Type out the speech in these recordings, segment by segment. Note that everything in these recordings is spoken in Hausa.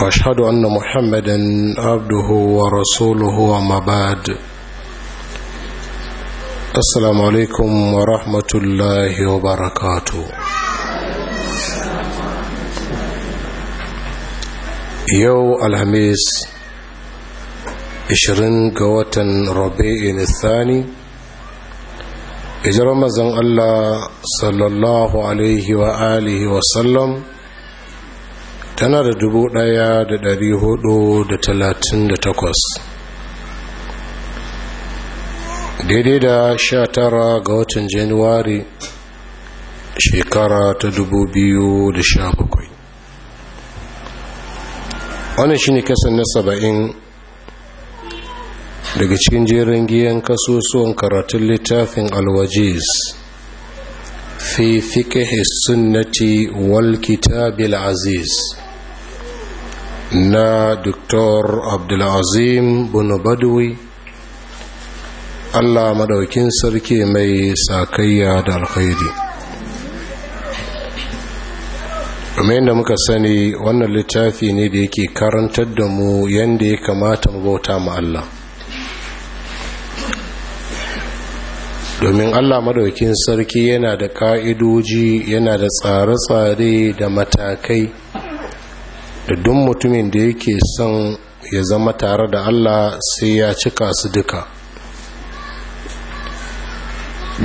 واشهد ان محمدا عبده ورسوله وما بعد السلام عليكم ورحمه الله وبركاته يو الهميس 20 ga watan rabi'in الثاني اجرم زن الله صلى الله عليه واله وسلم tana da dubu ɗaya da dari hudu da talatin da takwas daidai da sha tara ga watan januwari shekara ta dubu biyu da sha bakwai Wani shi ne kasan na saba'in daga cikin jerin giyan kasusuwan karatun littafin alwajiz fi fiƙe sunnati wal kitabil aziz na Dr. Abdulazim Bunubadwi Allah madaukin sarki mai sakayya da alkhairi kuma yadda muka sani wannan littafi ne da yake karantar da mu yadda ya kamata mu bauta ma Allah domin allah madaukin sarki yana da ka'idoji yana da tsare-tsare da matakai da duk mutumin da yake son ya zama tare da Allah sai ya cika su duka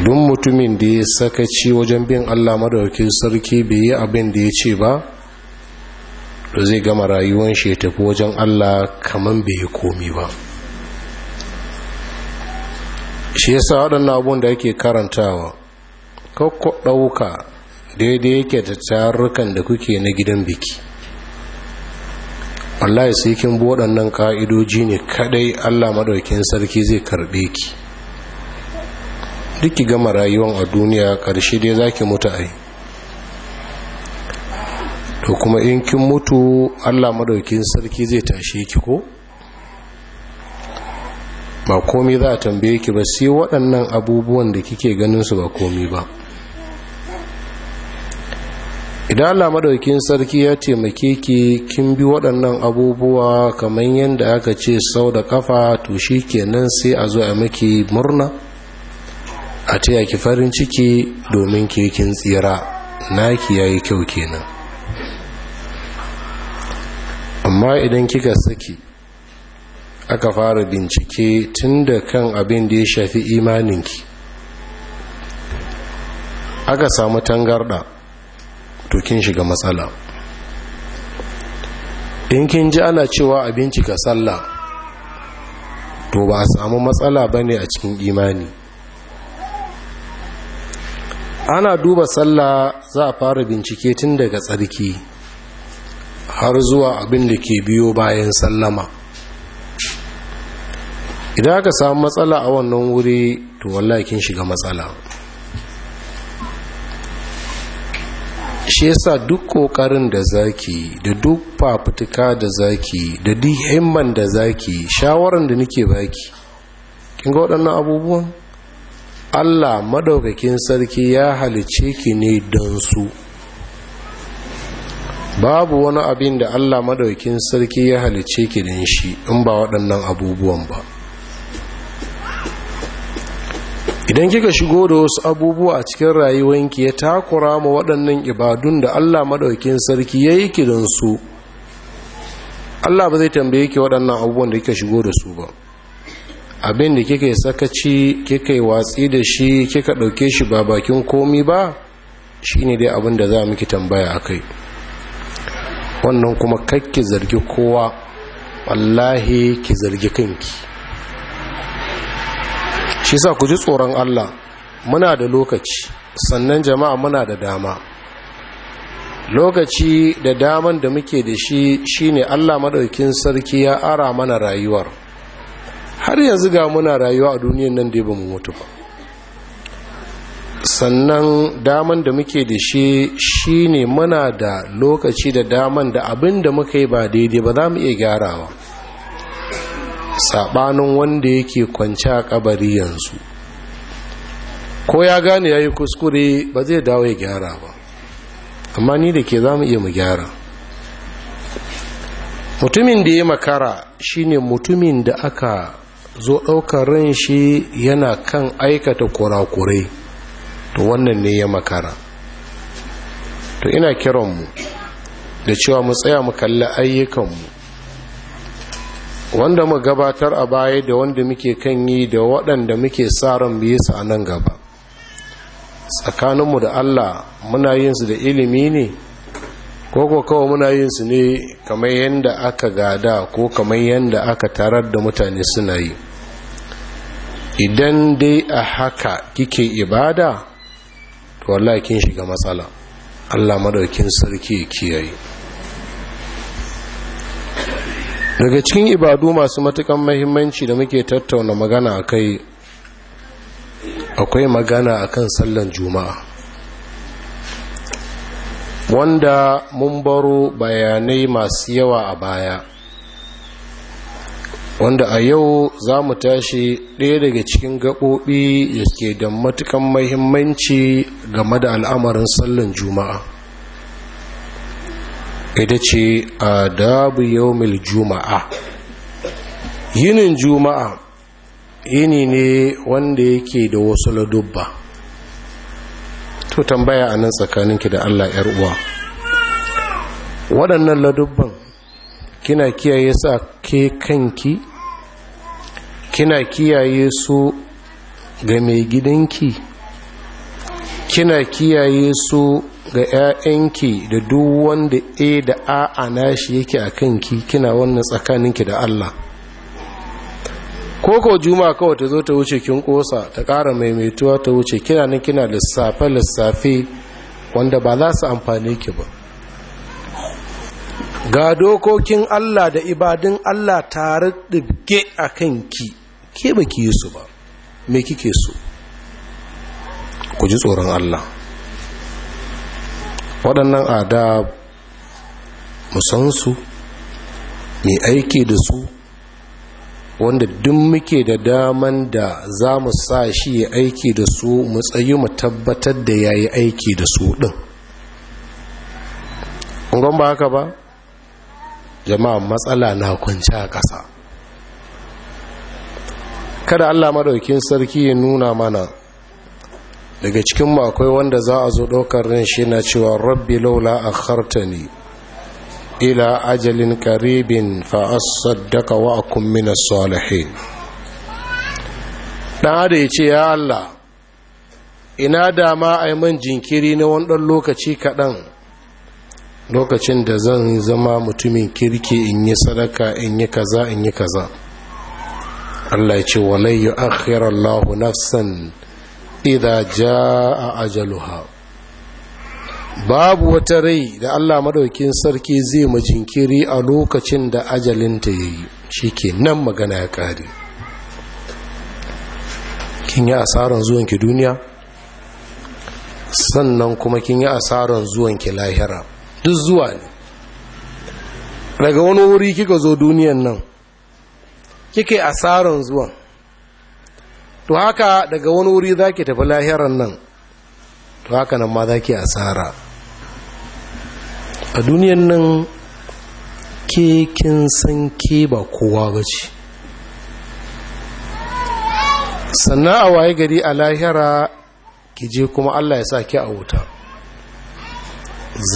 duk mutumin da ya sakaci wajen bin Allah madaukakin sarki bai yi abin da ya ce ba da zai gama rayuwan shi ya tafi wajen Allah kamar bai yi komi ba shi yasa waɗannan abun da yake karantawa kakko ɗauka daidai yake da tarukan da kuke na gidan biki wallahi sai kin bi waɗannan ƙa'idoji ne kadai Allah madaukakin sarki zai karbe ki duk ki gama rayuwar a duniya ƙarshe dai zaki mutu ai to kuma in kin mutu Allah madaukakin sarki zai tashe ki ko ba komai za a tambaye ki ba sai waɗannan abubuwan da kike ganin su ba komai ba idan Allah madaukin sarki ya taimake ki kin bi waɗannan abubuwa kamar yadda aka ce sau da kafa to shi kenan sai a zo a maki murna a taya ki farin ciki domin ke kin tsira naki yi kyau kenan amma idan kika saki aka fara bincike tun da kan abin da ya shafi imaninki aka samu tangarɗa. to kin shiga matsala in kin ji ana cewa abinci ka sallah to ba a samu matsala ba a cikin imani ana duba sallah za a fara bincike tun daga tsarki har zuwa abin da ke biyo bayan sallama idan ka samu matsala a wannan wuri to wallahi kin shiga matsala shi yasa duk kokarin da zaki da duk fafutuka da zaki da duk himman da zaki shawaran da nake baki kin ga waɗannan abubuwan Allah madaukakin sarki ya halice ki ne don su babu wani abin da Allah madaukakin sarki ya halice ki don shi in ba waɗannan abubuwan ba idan kika shigo da wasu abubuwa a cikin rayuwanki ya takura ma waɗannan ibadun da Allah maɗaukin sarki ya yi kidansu Allah ba zai tambaye ki waɗannan abubuwan da kika shigo da su ba abin da kika yi sakaci kika yi watsi da shi kika ɗauke shi ba bakin komi ba shi ne dai abin da za miki tambaya a kai wannan kuma kakki zargi kowa wallahi ki zargi kanki shi sa ku ji tsoron Allah muna da lokaci sannan jama'a muna da dama lokaci da daman da muke da shi shine Allah maɗaukin sarki ya ara mana rayuwar har yanzu ga muna rayuwa a duniyan nan da ba mu mutu ba sannan daman da muke da shi shine muna da lokaci da daman da abin da muka yi ba daidai ba za mu iya gyarawa saɓanin wanda yake kwanci a kabari yanzu ko ya gane ya yi kuskure ba zai dawo ya gyara ba amma ni da ke za mu iya mu gyara mutumin da ya makara shine mutumin da aka zo ɗaukar ran shi yana kan aikata kurakurai to wannan ne ya makara to ina kiranmu da cewa mu tsaya mu kalli ayyukanmu wanda mu gabatar a baya da wanda muke kan yi da waɗanda muke sa ran su a nan gaba tsakaninmu da Allah muna yin su da ilimi ne ko ko kawai muna yin su ne kamar yadda aka gada ko kamar yadda aka tarar da mutane suna yi idan dai a haka kike ibada to wallahi kin shiga matsala Allah madaukin sarki kiyaye daga cikin ibadu masu matukan mahimmanci da muke tattauna magana akai akwai magana a kan sallan juma'a wanda mun baro bayanai masu yawa a baya wanda a yau za mu tashi ɗaya daga cikin gaɓoɓi da ke da matukan mahimmanci game da al'amarin sallan juma'a ita ce adabu yawmil juma'a yinin juma'a yini ne wanda yake da wasu ladubba to tambaya a nan tsakaninki da allah yar uwa waɗannan ladubban kina kiyaye su a ke kanki kina kiyaye su ga mai gidanki kina kiyaye su ga 'ya'yanki da duk wanda a da A a nashi yake a kanki kina wannan tsakaninki da Allah koko juma kawai ta zo ta wuce kin kosa ta ƙara maimaituwa ta wuce kina nan kina lissafe-lissafe wanda ba za su amfani ki ba ga dokokin Allah da ibadun Allah tare ɗibge a kanki ke ba ki yi su ba me kike so ku ji tsoron Allah waɗannan adab musansu mai aiki da su wanda duk muke da daman da za mu sa shi ya aiki da su mu tsayi mu tabbatar da ya yi aiki da su ɗin ƙungon ba haka ba jama'a matsala na kwanci a ƙasa kada allah maɗaukin sarki ya nuna mana daga cikin akwai wanda za a zo ɗaukar ran shi na cewa rabbi laula a hartani ila ajalin karibin fa'asaddaka wa a kummina salihin ɗan da ya ce ya Allah ina dama a man jinkiri na wani ɗan lokaci kaɗan lokacin da zan zama mutumin kirki in yi sadaka in yi kaza in yi kaza Allah ya ce walayyu yi lahu nafsan idha jaa ajaluha babu wata rai da Allah madaukin sarki zai majinkiri a lokacin da ajalinta yayi shike nan magana ya kare kin yi asaran ki duniya sannan kuma kin yi asaran ki lahira duk zuwa ne daga wani wuri kika zo duniyan nan kike asaran zuwan to haka daga wani wuri za ki tafi lahiran nan to haka nan ma za ki asara a duniyan nan ke kin san ke ba kowa ba ce sannan a waye gari a lahira ki je kuma allah ya sa ki a wuta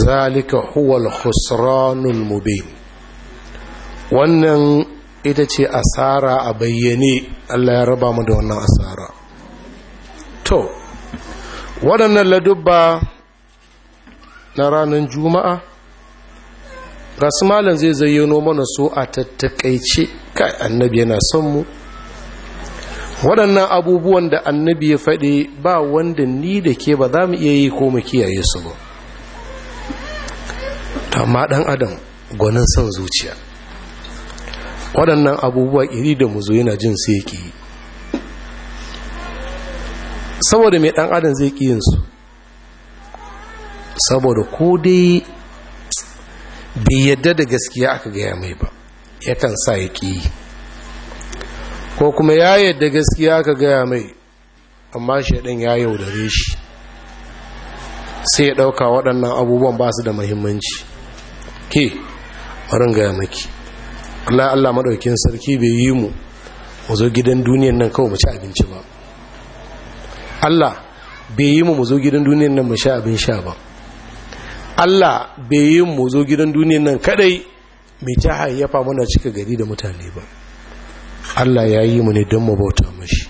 zalika huwal husranul mubin wannan ita ce asara a bayyane Allah ya raba mu da wannan asara to waɗannan ladubba na ranar juma'a rasu malam zai zayyano mana so a tattakaice kai annabi yana son mu waɗannan abubuwan da annabi ya faɗi ba wanda ni da ke ba za mu iya yi ko mu kiyaye su ba amma ɗan adam gwanin son zuciya waɗannan abubuwa iri da mu zo yana jin sai ki yi saboda mai ɗan adam zai ƙi yinsu saboda ko dai bai yadda da gaskiya aka gaya mai ba yakan sa ya ƙi ko kuma ya yadda gaskiya aka gaya mai amma shaɗin ya yaudare shi sai ya ɗauka waɗannan abubuwan ba su da mahimmanci ke marin gaya maki Allah Allah madaukin sarki bai yi mu mu zo gidan duniyan nan kawai mu ci abinci ba Allah bai yi mu mu zo gidan duniyan nan mu sha abin sha ba Allah bai yi mu zo gidan duniyan nan kadai mai ta hayyafa muna cika gari da mutane ba Allah ya yi mu ne don mu bauta mashi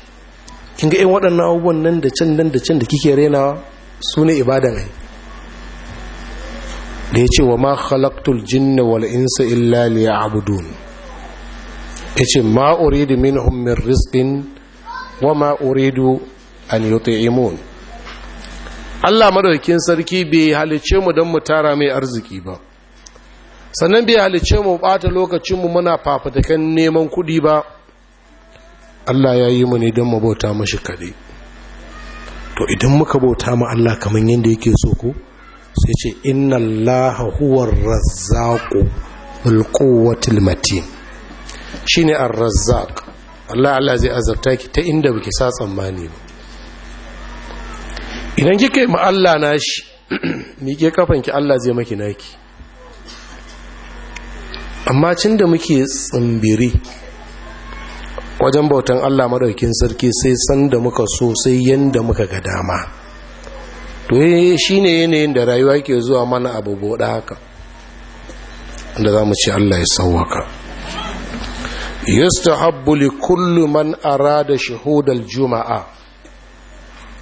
kin ga irin waɗannan abubuwan nan da can nan da can da kike renawa su ne ibada ai da ya ce wa ma khalaqtul jinna wal insa illa liya'budun ya ce uridu min hummin riskin wa uridu an yi imun allah madaukin sarki bai halice mu don mu tara mai arziki ba sannan bai halice mu bata lokacinmu muna fafatakan neman kudi ba allah ya yi mu ne don mu bauta mashi kaɗai to idan muka bauta ma allah kamar yadda yake so ku? sai ce inna allaha huwar razzaku bulkowatil matin shine ar-razzaq Allah Allah zai azabta ki ta inda baki sa tsammani ba idan kike ma Allah nashi mike ki Allah zai maki naki amma cin da muke tsimbiri wajen bautan Allah madaukin sarki sai san da muka so sai yanda muka ga dama to eh, shine yanayin da rayuwa ke zuwa mana abubuwa haka da za mu ce Allah ya sauwaka yustahabbu li kullu man arada shuhudal juma'a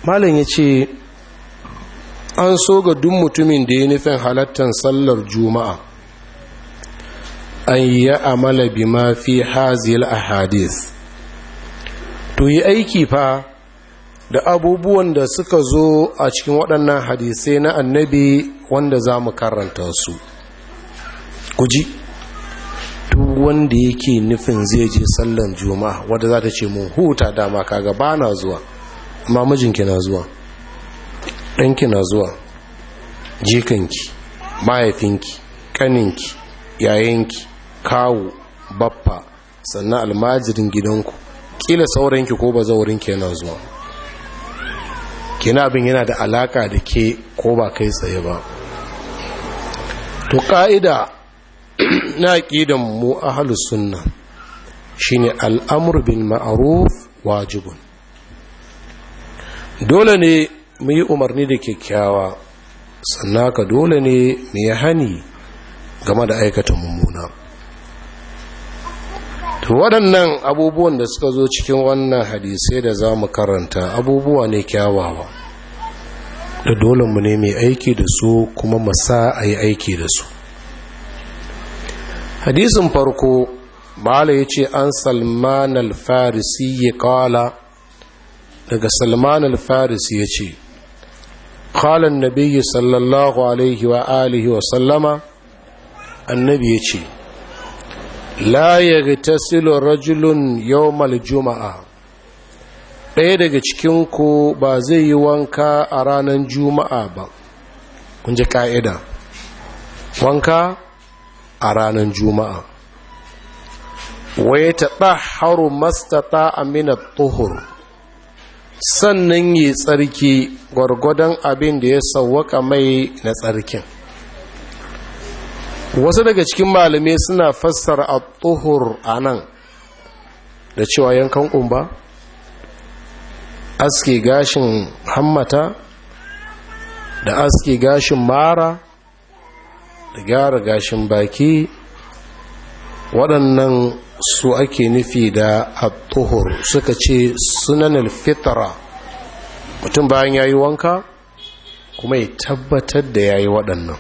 malam yace an so ga duk mutumin da ya nufin halartar sallar juma'a an yi amala ma fi hazil ahadith to yi aiki fa da abubuwan da suka zo a cikin waɗannan hadisai na annabi wanda za mu karanta su ku ji duk wanda yake nufin zai je sallan juma'a wadda za ta ce mun huta dama kaga ba na zuwa amma mijinki na zuwa ɗanki na zuwa jikanki mahaifinki ƙaninki, yayanki kawo baffa sannan almajirin gidanku Ƙila sauranki ko ba zaurinki yana zuwa kina abin yana da alaka da ke ko ba kai tsaye ba to ka'ida na aqidan mu ahlus sunna shine al'amr bil ma'ruf wajibun dole ne mu yi umarni da kyakkyawa sannan ka dole ne mu yi hani game da aikata mummuna to waɗannan abubuwan da suka zo cikin wannan hadisai da za mu karanta abubuwa ne kyawawa da dole mu ne mai aiki da su kuma masa a yi aiki da su hadisin farko mala ya ce an salman al-farisi ya kala daga salman al-farisi ya ce kalan nabi sallallahu alaihi wa alihi wa sallama annabi ya ce la ya silo rajulun mal juma'a ɗaya daga cikinku ba zai yi wanka a ranar juma'a ba kun ji ka'ida wanka a ranar juma'a waye ta taɓa haru mastata amina tuhur sannan yi tsarki gwargwadon abin da ya sauwaka mai na tsarkin wasu daga cikin malamai suna fassara a tuhur a nan da cewa yankan ƙumba aske gashin hammata da aske gashin mara da gyara gashin baki waɗannan su ake nufi da at suka ce sunan al-fitra mutum bayan yayi wanka kuma ya tabbatar da yayi waɗannan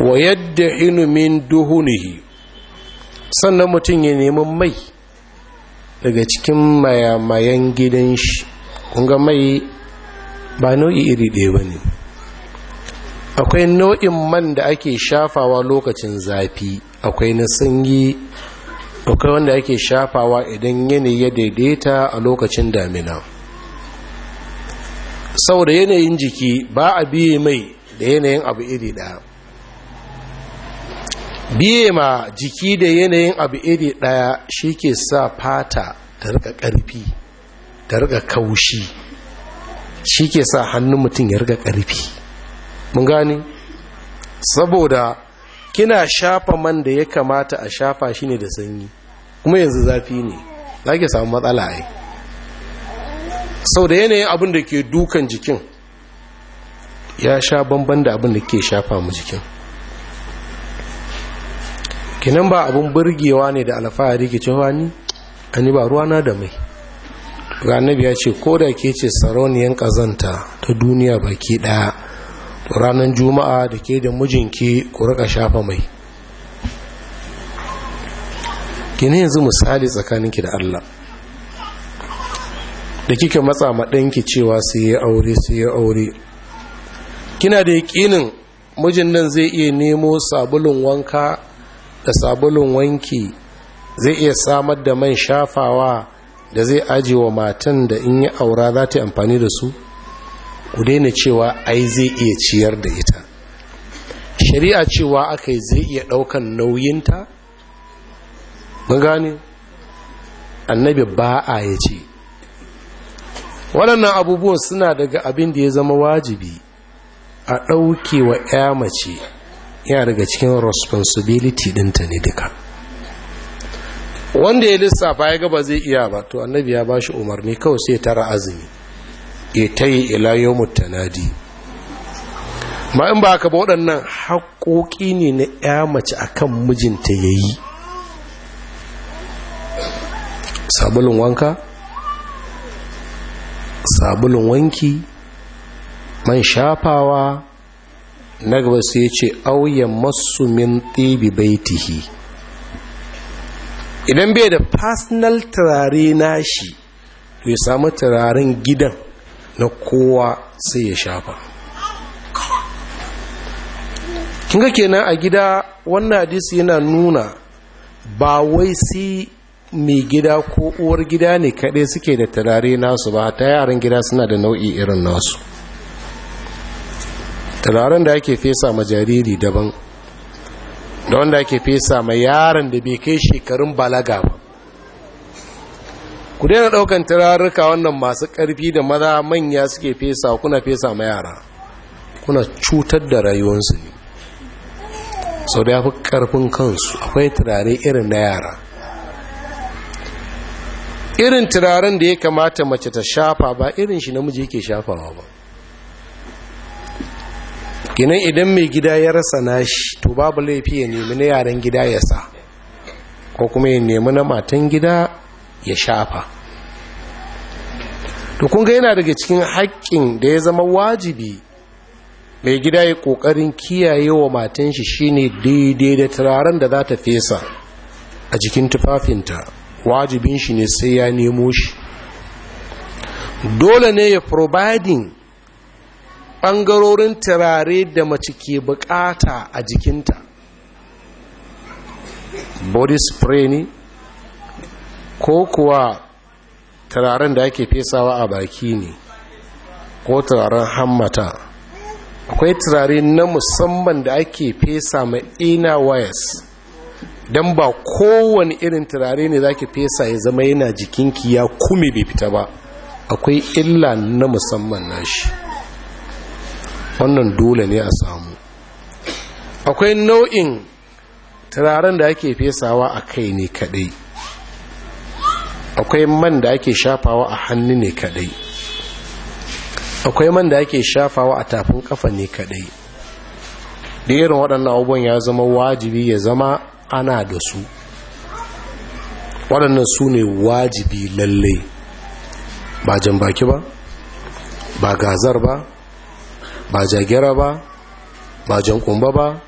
wa yadda'inu min duhunihi sannan mutum ya nemi mai daga cikin mayamayan gidan shi kunga mai ba nau'i iri ɗaya ba ne akwai nau'in man da ake shafawa lokacin zafi akwai na sanyi akwai wanda ake shafawa idan yanayi ya daidaita a lokacin damina Sau da yanayin jiki ba a biye mai da yanayin abu iri ɗaya biye ma jiki da yanayin abu iri ɗaya shi ke sa fata ta rika ƙarfi ta rika kaushi shi ke sa hannun mutum ya rika ƙarfi mun gani saboda kina shafa man da ya kamata a shafa shi ne da sanyi kuma yanzu zafi ne za ki samu matsala ai sau da yanayin abin da ke dukan jikin ya sha bamban da abin da ke shafa mu jikin kinan ba abin burgewa ne da alfahari ke cewa ni ani ba ruwana da mai ranar ya ce ko da ke ce sarauniyan kazanta ta duniya baki daya Ranan ranar juma'a da ke da mijinki ku rika shafa mai kini yanzu misali tsakaninki da Allah da kike matsa ma ɗanki cewa su yi aure su yi aure kina da yakinin mijin nan zai iya nemo sabulun wanka da sabulun wanki zai iya samar da man shafawa da zai ajiye wa matan da in yi aura za ta amfani da su ku daina cewa ai zai iya ciyar da ita shari'a cewa aka yi zai iya ɗaukan nauyinta mun gane annabi ba a ya ce waɗannan abubuwan suna daga abin da ya zama wajibi a ɗauke wa ya mace yana daga cikin responsibility ɗinta ne duka wanda ya lissafa ya gaba zai iya ba to annabi ya ba shi umarni kawai sai tara azumi ta yi ilayo tanadi. ma in ba ka ba waɗannan haƙoƙi ne na ya mace a kan mijinta ya yi sabulun wanka sabulun wanki man shafawa na gaba sai ce auyen masu min ɗibi baitihi idan bai da personal turare nashi to ya samu turaren gidan na kowa sai ya shafa kinga kenan a gida wannan hadisi yana nuna ba wai si mai gida ko uwar gida ne kaɗai suke da tarare nasu ba ta yaran gida suna da nau'i irin nasu tararen da ake fesa ma jariri daban da wanda ake fesa ma yaron da bai kai shekarun balaga ba ku daina daukan turarruka wannan masu karfi da maza manya suke fesa kuna fesa ma yara kuna cutar da rayuwarsu ne sau da ya fi karfin kansu akwai turare irin na yara irin turaren da ya kamata mace ta shafa ba irin shi namiji yake shafawa ba Ginin idan mai gida ya rasa nashi to babu laifi ya nemi na yaren gida ya sa ko kuma ya nemi na matan gida ya shafa to kun ga yana daga cikin haƙƙin da ya zama wajibi mai gida ya ƙoƙarin kiyaye wa matan shi shine daidai da turaren da za ta fesa a jikin tufafinta wajibin shi ne sai ya nemo shi dole ne ya providing ɓangarorin turare da mace ke bukata a jikinta body spray ne ko kuwa turaren da ake fesawa a baki ne ko turaren hammata akwai turare na musamman da ake fesa ma ina wires don ba kowane irin turare ne zaki fesa ya zama yana jikinki ya kume bai fita ba akwai illa na musamman nashi wannan dole ne a samu akwai nau'in turaren da ake fesawa a kai ne kadai akwai man da ake shafawa a hannu ne kadai akwai man da ake shafawa a tafin kafa ne kadai da irin waɗannan abubuwan ya zama wajibi ya zama ana da su waɗannan su ne wajibi lalle ba jan baki ba ba gazar ba ba jagera ba ba jan kumba ba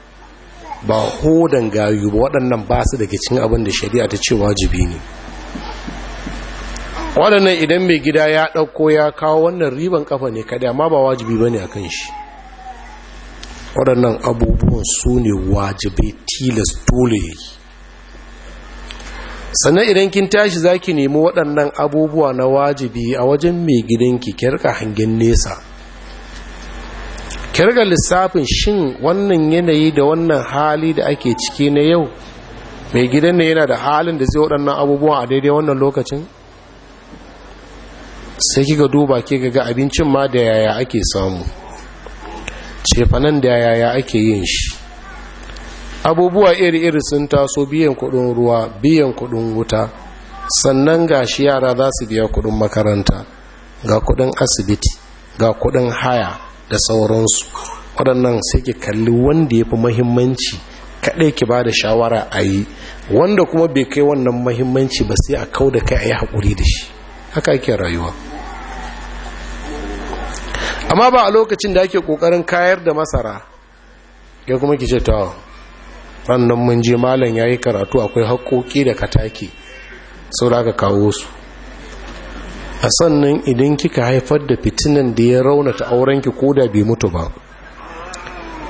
ba hodan gayu ba waɗannan ba su daga cin abin da shari'a ta ce wajibi ne waɗannan idan mai gida ya ɗauko ya kawo wannan riban ƙafa ne kada ma ba wajibi ba ne a kan shi waɗannan abubuwan su ne wajibai tilas dole sannan idan kin tashi za ki nemi waɗannan abubuwa na wajibi a wajen mai gidanki kirka hangen nesa kirka lissafin shin wannan yanayi da wannan hali da ake ciki na yau mai gidan ne yana da halin da zai waɗannan abubuwa a daidai wannan lokacin sai kika duba kika ga abincin ma da yaya ake samu cefanan da yaya ake yin shi abubuwa iri-iri sun taso biyan kudin ruwa biyan kudin wuta sannan ga shi yara za su biya kudin makaranta ga kudin asibiti ga kudin haya da sauransu waɗannan sai ki kalli wanda ya fi mahimmanci kaɗai ki ba da shawara a yi wanda kuma bai kai wannan mahimmanci ba sai a kau da kai a yi haƙuri da shi haka ake rayuwa amma ba a lokacin da ake kokarin kayar da masara ya kuma kice ta wannan mun je malam yayi karatu akwai haƙoƙi da kataki sau da ka kawo su a sannan idan kika haifar da fitinan da ya raunata aurenki ko da bai mutu ba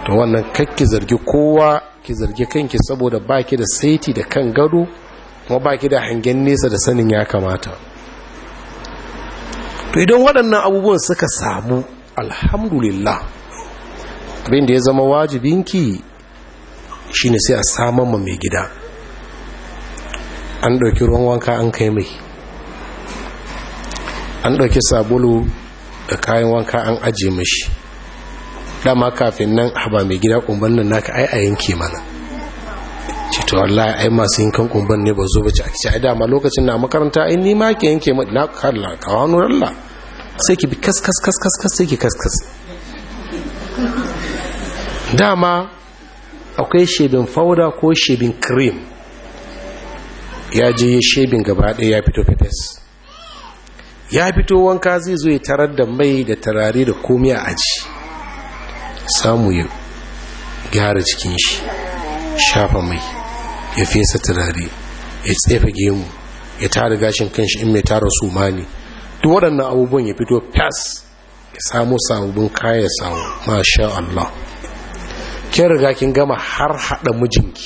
to wannan kakki zargi kowa ki zargi kanki saboda baki da saiti da kan gado kuma baki da hangen nesa da sanin ya kamata to idan waɗannan abubuwan suka samu alhamdulillah abinda ya zama wajibinki shine sai a saman ma mai gida an ɗauki ruwan wanka an kai mai an ɗauki sabulu da kayan wanka an aje mashi dama kafin nan haba mai gida kumban nan naka ai a yanke mana cito wallahi ai masu yankan kumban ne ba zo ba ci a kici ai dama lokacin na makaranta ai ni ma ke yanke ma na kalla kawo sai ki bi kas sai ki kaskas. dama akwai shebin fauda ko shebin cream ya je shebin gaba ɗaya ya fito fetes ya fito wanka zai zo ya tarar da mai da tarare da komi a aji samu ya gyara cikin shi shafa mai ya fesa turare ya tsefa gemu ya tara gashin kanshi in mai tara su mani duk waɗannan abubuwan ya fito fas ya samu sabubin kaya samu mashi Allah kin riga kin gama har haɗa mijinki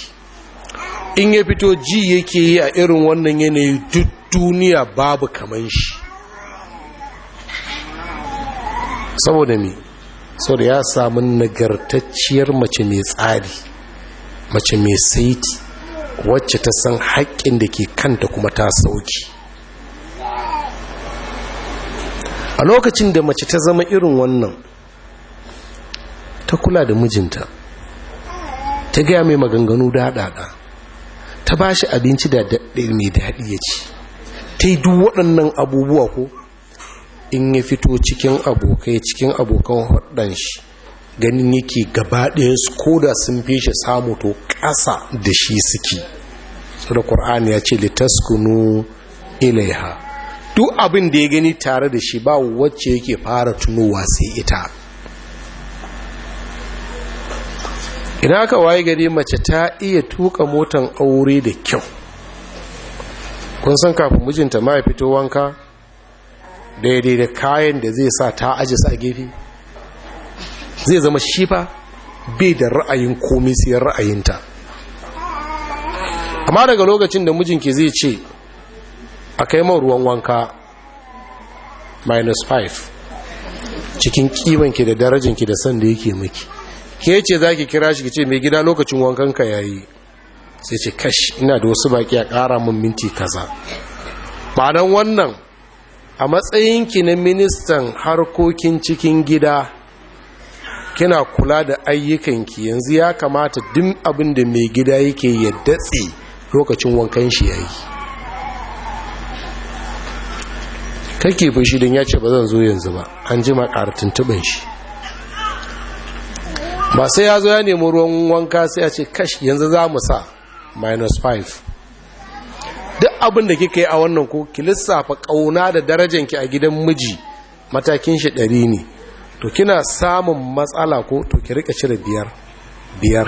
in ya fito ji yake yi a irin wannan yanayi duk duniya babu kaman shi saboda me saboda ya samu nagartacciyar mace mai tsari mace mai saiti wacce ta san haƙƙin da ke kanta kuma ta sauki a lokacin da mace ta zama irin wannan ta kula da mijinta ta gaya mai maganganu daɗaɗa ta ba shi abinci da daɗe mai daɗi ya ci ta yi duk waɗannan abubuwa ko in ya fito cikin abokai cikin abokan haɗan shi ganin yake gaba ɗaya su ko da sun fi shi samu to ƙasa da shi suke da ƙur'ani ya ce litaskunu ilaiha duk abin da ya gani tare da shi ba wacce yake fara tunowa sai ita ina ka waye gari mace ta iya tuka motan aure da kyau kun san kafin mijinta ma ya fito wanka daidai da kayan da zai sa ta aji sa gefe zai zama shifa bai da ra'ayin komi ra'ayinta amma daga lokacin da mijinki zai ce a kai man ruwan wanka minus 5 cikin kiwonki da darajinki da sanda yake miki ke ce za ki kira shi ki ce mai gida lokacin wankanka ya yi sai ce kashi ina da wasu baki a kara mun minti kaza ma'anan wannan a matsayinki na ministan harkokin cikin gida kina kula da ayyukanki yanzu ya kamata dim abin da mai gida yake ya datse lokacin wankan shi ya yi kake fushi don ya ce ba zan zo yanzu ba an ji makar tuntuɓin shi ba sai ya zo ya nemi ruwan wanka sai ya ce kash yanzu za mu sa minus 5 duk abin da kika yi a wannan ko ki lissafa ƙauna da darajanki a gidan miji matakin shi ɗari ne to kina samun matsala ko to ki rika cire biyar biyar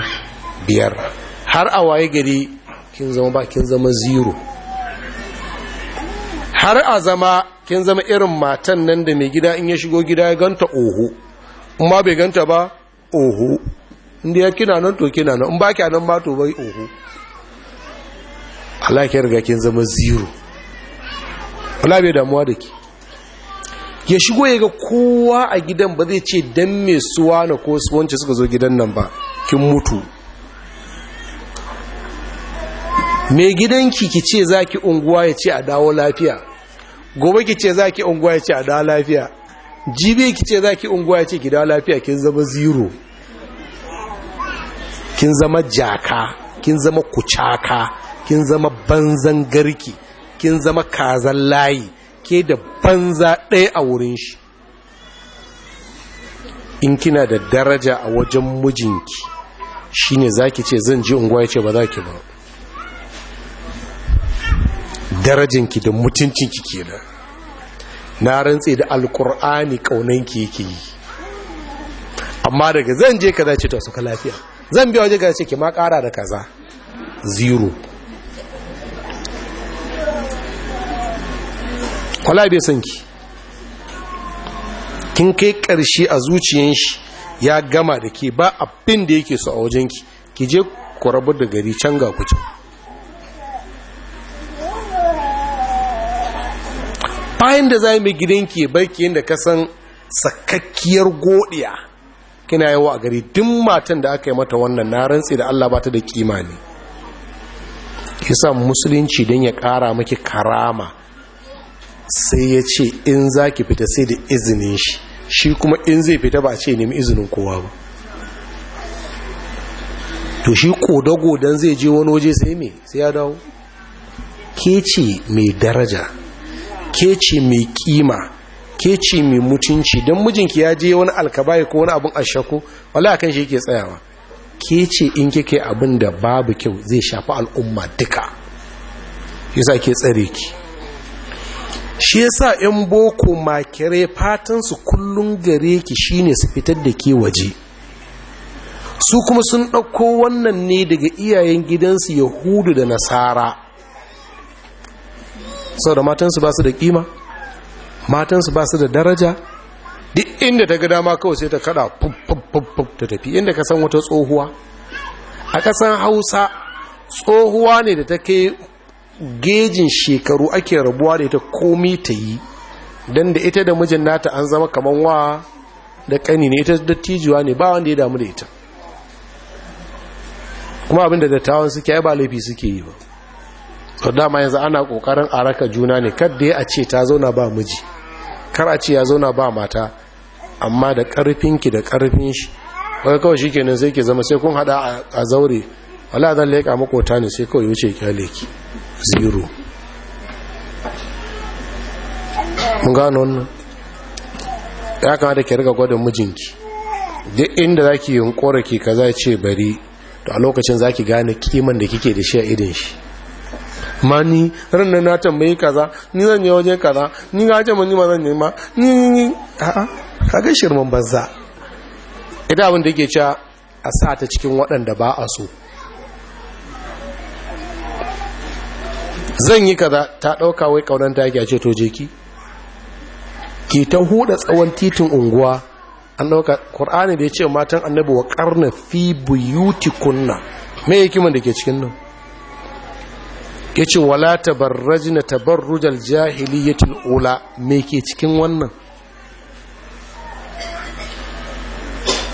biyar har a waye gari kin zama ba kin zama zero har a zama kin zama irin matan nan da mai gida in ya shigo gida ya ganta oho in ma bai ganta ba oho inda ya kina nan to kina nan in ba kya nan ma to bai oho Allah ki riga kin zama zero Allah bai damuwa da ki ya shigo ya ga kowa a gidan ba zai ce dan me suwa na ko suwanci suka zo gidan nan ba kin mutu mai gidanki ki ce za ki unguwa ya ce a dawo lafiya gobe ki ce za ki unguwa ya ce a da lafiya Jibe ki ce za ki unguwa ya ce ki da lafiya kin zama zero kin zama jaka kin zama kucaka kin zama banzan garki kin zama kazan layi ke da banza ɗaya a wurin shi in kina da daraja a wajen mijinki shine ki ce zan ji unguwa ya ce ba za ki ba darajinki da mutuncinki kenan na rantse da alkur'ani kaunanki yake yi amma daga zan je kaza ce to ka lafiya zan biya waje ga ce ki ma kara da kaza zero kwala bai san ki kin kai karshe a zuciyar shi ya gama da ke ba abin da yake so a wajen ki je ku rabu da gari can ga ku can bayan da za mu gidanki barki yadda ka san sakakkiyar godiya kina yawa a gari duk matan da aka yi mata wannan na rantsi da Allah ba ta da kima ne kisa musulunci don ya kara maki karama sai ya ce in za ki fita sai da izinin shi shi kuma in zai fita ba ce nemi izinin kowa ba to shi kodago don zai je wani waje sai me sai ya dawo ke ce mai daraja ke ce mai kima ke ce mai mutunci don mijinki ya je wani alkabai ko wani abin ashako wala kan shi yake tsayawa ke ce in kike abin da babu kyau zai shafi al'umma duka yasa ke tsare ki shi yasa yan boko makere fatansu kullum gare ki shine su fitar da ke waje su kuma sun ɗauko wannan ne daga iyayen gidansu yahudu da nasara saboda matansu ba su da kima matansu ba su da daraja duk inda ta ga dama kawai sai ta kada fuffuffuf ta tafi inda ka san wata tsohuwa a kasan hausa tsohuwa ne da ta kai gejin shekaru ake rabuwa da ita komi ta yi don da ita da mijin nata an zama kamar wa da kani ne ita dattijuwa ne ba wanda ya damu da ita kuma abinda dattawan suke ya ba laifi suke yi ba to dama yanzu ana kokarin a raka juna ne kadda ya ce ta zauna ba miji kar a ce ya zauna ba mata amma da karfinki da karfin shi wai kawai kenan sai ke zama sai kun hada a zaure wala zan leka makota ne sai kawai wuce kyale ki zero mun gano wannan ya kamata ki riga gwada mijinki duk inda zaki yunkura ki kaza ce bari to a lokacin zaki gane kiman da kike da shi a idin shi ma ni ran na tambayi kaza ni zan yi waje kaza ni ga ce ni ma zan yi ma ni ni a'a ga shirman banza ita abin da yake cewa a sa ta cikin waɗanda ba a so zan yi kaza ta ɗauka wai ƙaunar ta a ce to je ki ki ta huda tsawon titin unguwa an ɗauka ƙur'ani da ya ce matan annabi wa ƙarna fi buyuti kunna me hikiman da ke cikin nan ya ce wala tabarraji na tabarrujar jahiliyyatul ula me ke cikin wannan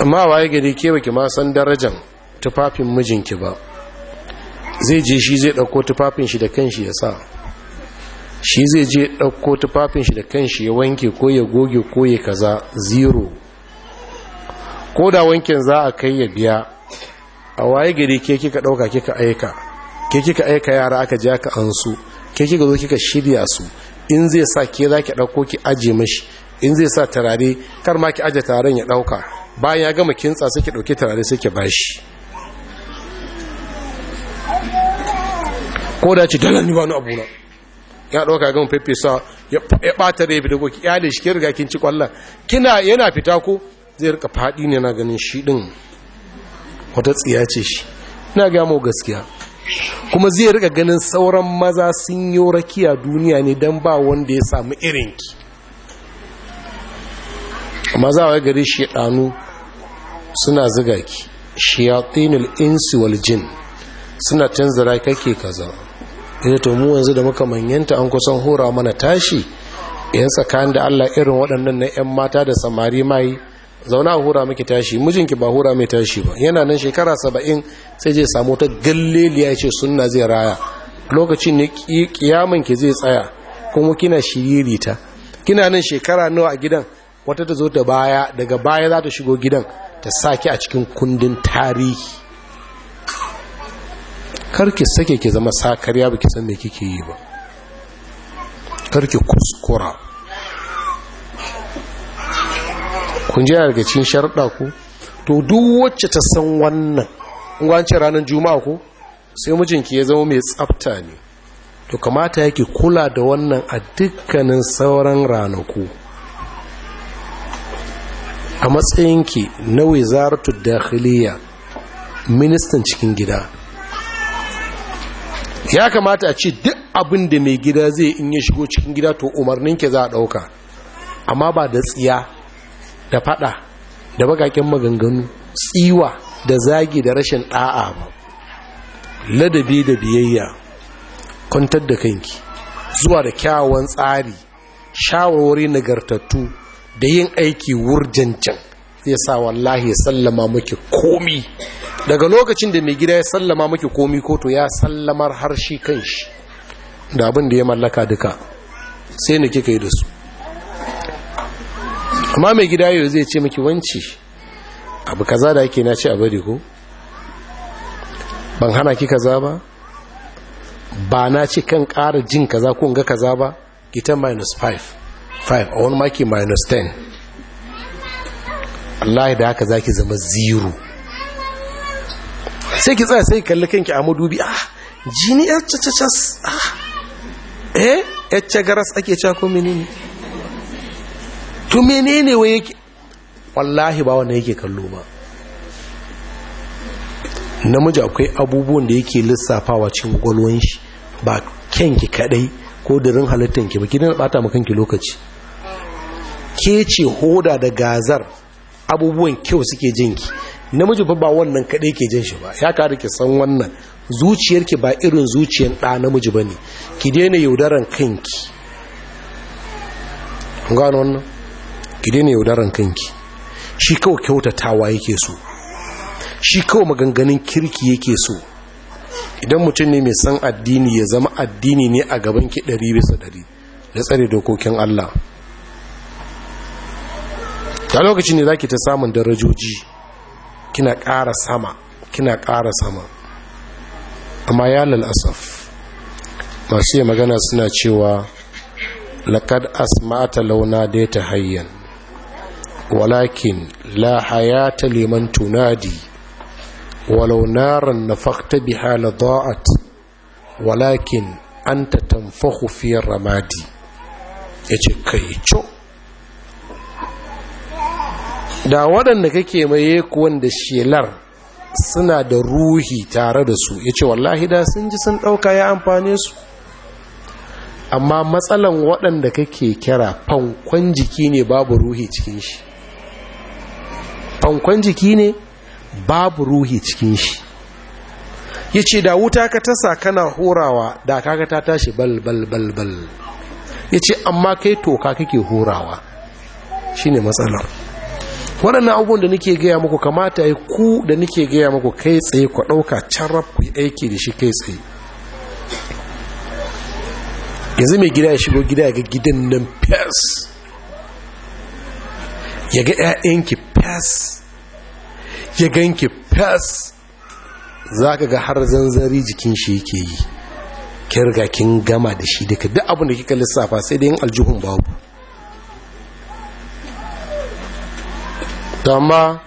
amma waye gari ke baki ma san darajan tufafin mijinki ba zai je shi zai ɗauko tufafin shi da kanshi ya sa shi zai je ɗauko tufafin shi da kanshi ya wanke ko ya goge ko ya kaza zero ko da wankin za a kai ya biya a waye gari ke kika ɗauka kika aika ke kika aika yara aka je aka an su ke kika zo kika shirya su in zai sa ke za ki ɗauko ki aje mashi in zai sa tarare kar ma ki aje tararen ya ɗauka bayan ya gama kintsa sai ki ɗauki tarare sai ki bashi ko da ci dalar ni abu na ya ɗauka gama sa ya ɓata da ya fita ko ki da shi ke riga kin ci kwallon kina yana fita ko zai rika faɗi ne na ganin shi ɗin wata tsiya ce shi ina gamo gaskiya kuma zai rika ganin sauran maza sun yi rakiya duniya ne don ba wanda ya samu irinki maza wa gari ɗanu suna ziga ki shayatinul insi wal jin suna tanzara kake kaza ita to mu yanzu da muka manyanta an kusan hora mana tashi yan tsakanin da Allah irin waɗannan na 'yan mata da samari mai zauna a hura miki tashi mijinki ba hura mai tashi ba yana nan shekara saba'in sai zai samu ta galleliya ce sunna zai raya lokacin ne kiyaman ki zai tsaya kuma kina shiriri ta kina nan shekara nawa a gidan wata ta zo ta baya daga baya za ta shigo gidan ta saki a cikin kundin tarihi karki sake ki zama sakarya ba ki san me kike yi ba karki kuskura kun ji daga cikin sharɗa ko to duk wacce ta san wannan in ce ranar juma'a ko sai mijinki ya zama mai tsafta ne to kamata yake kula da wannan a dukkanin sauran ranaku a matsayinki na wizaratu dakhiliya ministan cikin gida ya kamata a ce duk abin da mai gida zai in ya shigo cikin gida to umarnin umarninki za a ɗauka amma ba da tsiya da fada da bakakin maganganu tsiwa da zagi da rashin da'a ba ladabi da biyayya kwantar da kanki zuwa da kyawawan tsari shawarwari nagartattu da yin aiki can. zai sa wallahi ya sallama maki komi daga lokacin da mai gida ya sallama maki komi ko to ya sallamar kan shi kanshi da abin da ya mallaka duka sai ne kika yi da su amma mai gida yau zai ce miki wanci abu kaza da ake na ce a bari ko ban hana ki kaza ba ba na ce kan ƙara jin kaza ko ga kaza ba ita minus 5 a wani maki minus 10 allahi da haka za ki zama zero sai ki tsaya sai kalli kanki a madubi ah jini ya cacacas ah eh ya cagaras ake cako menene ne to menene wai yake wallahi ba wanda yake kallo ba namiji akwai abubuwan da yake lissafawa cikin gwalwon shi ba kyanki kadai ko dirin ki ba ki dana bata ma kanki lokaci ke ce hoda da gazar abubuwan kyau suke jinki namiji fa ba wannan kadai ke jin shi ba ya kada ki san wannan zuciyarki ba irin zuciyar ɗa namiji bane ki daina yaudaran kanki gano wannan ki daina yaudaran kanki shi kawai kyautatawa yake so shi kawai maganganun kirki yake so idan mutum ne mai san addini ya zama addini ne a gaban ki ɗari bisa ɗari da tsare dokokin Allah ta lokaci ne za ki ta samun darajoji kina ƙara sama kina ƙara sama amma ya lalasaf masu yi magana suna cewa laƙad ta launa da ta hayyan walakin la hayata liman tunadi walau naran nafakta biha la da'at walakin anta tanfahu fi ramadi yace kai co da waɗanda kake maye wanda shelar suna da ruhi tare da su yace wallahi da sun ji sun ɗauka ya amfane su amma matsalan waɗanda kake kira fankon jiki ne babu ruhi cikin shi kankon jiki ne babu ruhi cikin shi ya ce da wuta ka tasa kana horawa da kaga ta tashi bal bal bal bal ya ce amma kai toka kake horawa shi ne matsalar waɗannan abubuwan da nake gaya muku kamata ya ku da nake gaya muku kai tsaye ku ɗauka can ku aiki da shi kai tsaye yanzu mai gida ya shigo gida ga gidan nan fes ya ga 'ya'yanki fas ya ganki fas za ka ga har zanzari jikin shi yake yi kirga kin gama da shi daga duk abin da kika lissafa sai da yin aljihun babu tamma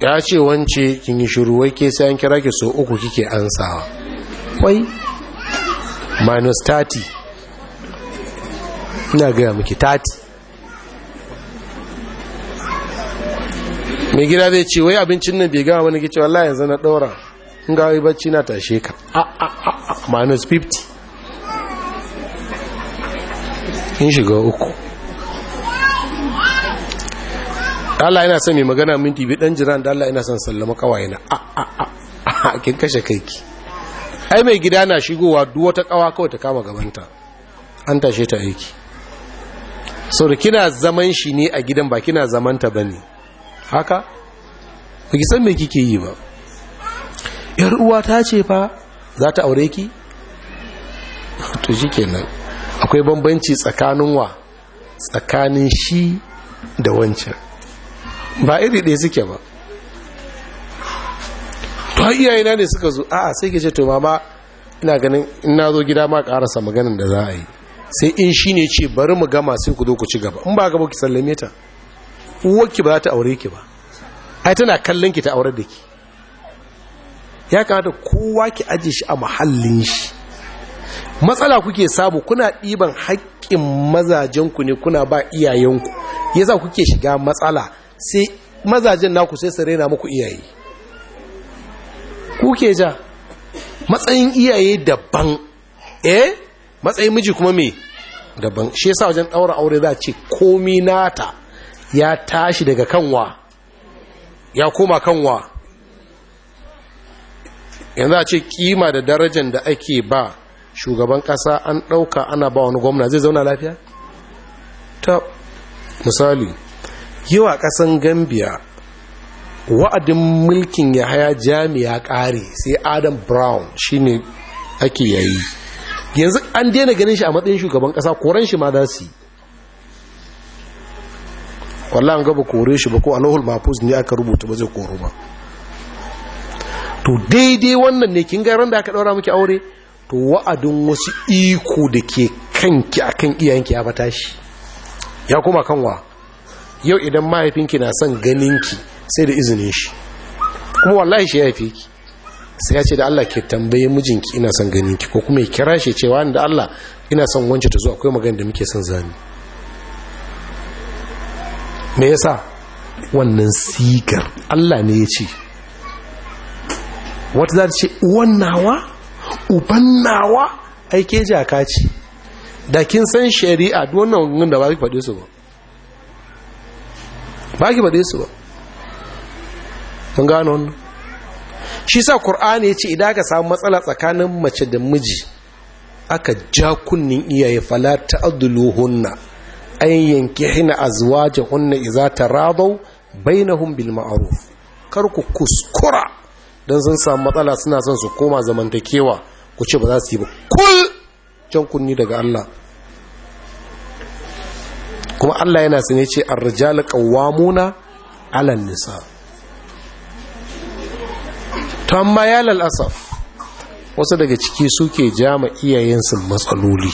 ya ce wance kin yi shiru wai ke sai an kira ki so uku kike ansawa kwai minus 30 ina gaya miki 30 mai gida zai ce wai abincin nan bai gama wani gice wallah yanzu na daura in ga wai bacci na tashe ka a a a minus 50 in shiga uku Allah yana son mai magana minti bi dan jiran da Allah yana son sallama kawai na a a a kin kashe kaiki ai mai gida na shigowa duk wata kawa kawai ta kama gabanta an tashe ta aiki so da kina zaman shi ne a gidan ba kina zamanta ba ne haka ba ki san me kike yi ba yar uwa ta ce fa za ta aure ki to shikenan akwai bambanci tsakanin wa tsakanin shi da wancan ba iri ɗaya suke ba to iyayena ne suka zo a'a sai ke ce to mama ina ganin ina zo gida ma karasa maganin da za a yi sai in shi ne ce bari mu gama sai ku zo ku ci gaba in ba gaba ki sallame ta uwarki ba za ta aure ki ba ai tana kallon ki ta aure da ki ya kamata kowa ki aje shi a muhallin shi matsala kuke samu kuna ɗiban haƙƙin mazajenku ne kuna ba iyayenku yasa kuke shiga matsala sai mazajen naku sai su rena muku iyaye kuke ja matsayin iyaye daban eh matsayin miji kuma me daban shi yasa wajen ɗaura aure za a ce komi nata ya tashi daga kanwa ya koma kanwa yanzu a ce kima da darajan da ake ba shugaban kasa an ɗauka ana ba wani gwamna zai zauna lafiya? ta misali yiwa ƙasan gambia wa'adin mulkin ya haya jami'a ƙare sai adam brown shine ake yayi yanzu an daina ganin shi a matsayin shugaban ƙasa koren shi ma za su yi wallahi an gaba kore shi ba ko a lahul mahfuz ne aka rubuta ba zai koro ba to daidai wannan ne kin ga ran da aka daura miki aure to wa'adin wasu iko da ke kanki akan iyayenki ya bata shi ya kuma kanwa yau idan mahaifinki na son ganinki sai da izinin shi kuma wallahi shi ya haife ki sai ya ce da Allah ke tambaye mijinki ina son ganinki ko kuma ya kira shi cewa da Allah ina son wance ta zo akwai magana da muke son zani me yasa wannan sigar Allah ne ya ce wata za ta ce wannawa ubannawa uban nawa aike jaka ce da kin san shari'a wannan wangan da ba ki faɗe su ba ba ki faɗe su ba mun gano wannan shi sa ƙur'ani ya ce idan aka samu matsala tsakanin mace da miji aka ja kunnin iyaye fala ta'aduluhunna an yanki hina azwaje hunna iza taradau hun bil maaruf kar ku kuskura don sun samu matsala suna son su koma zamantakewa ku ce ba za su yi ba kul can kunni daga Allah kuma Allah yana sun ce ar-rijalu qawwamuna 'ala nisa tamma ya lal asaf wasu daga ciki suke jama iyayensu matsaloli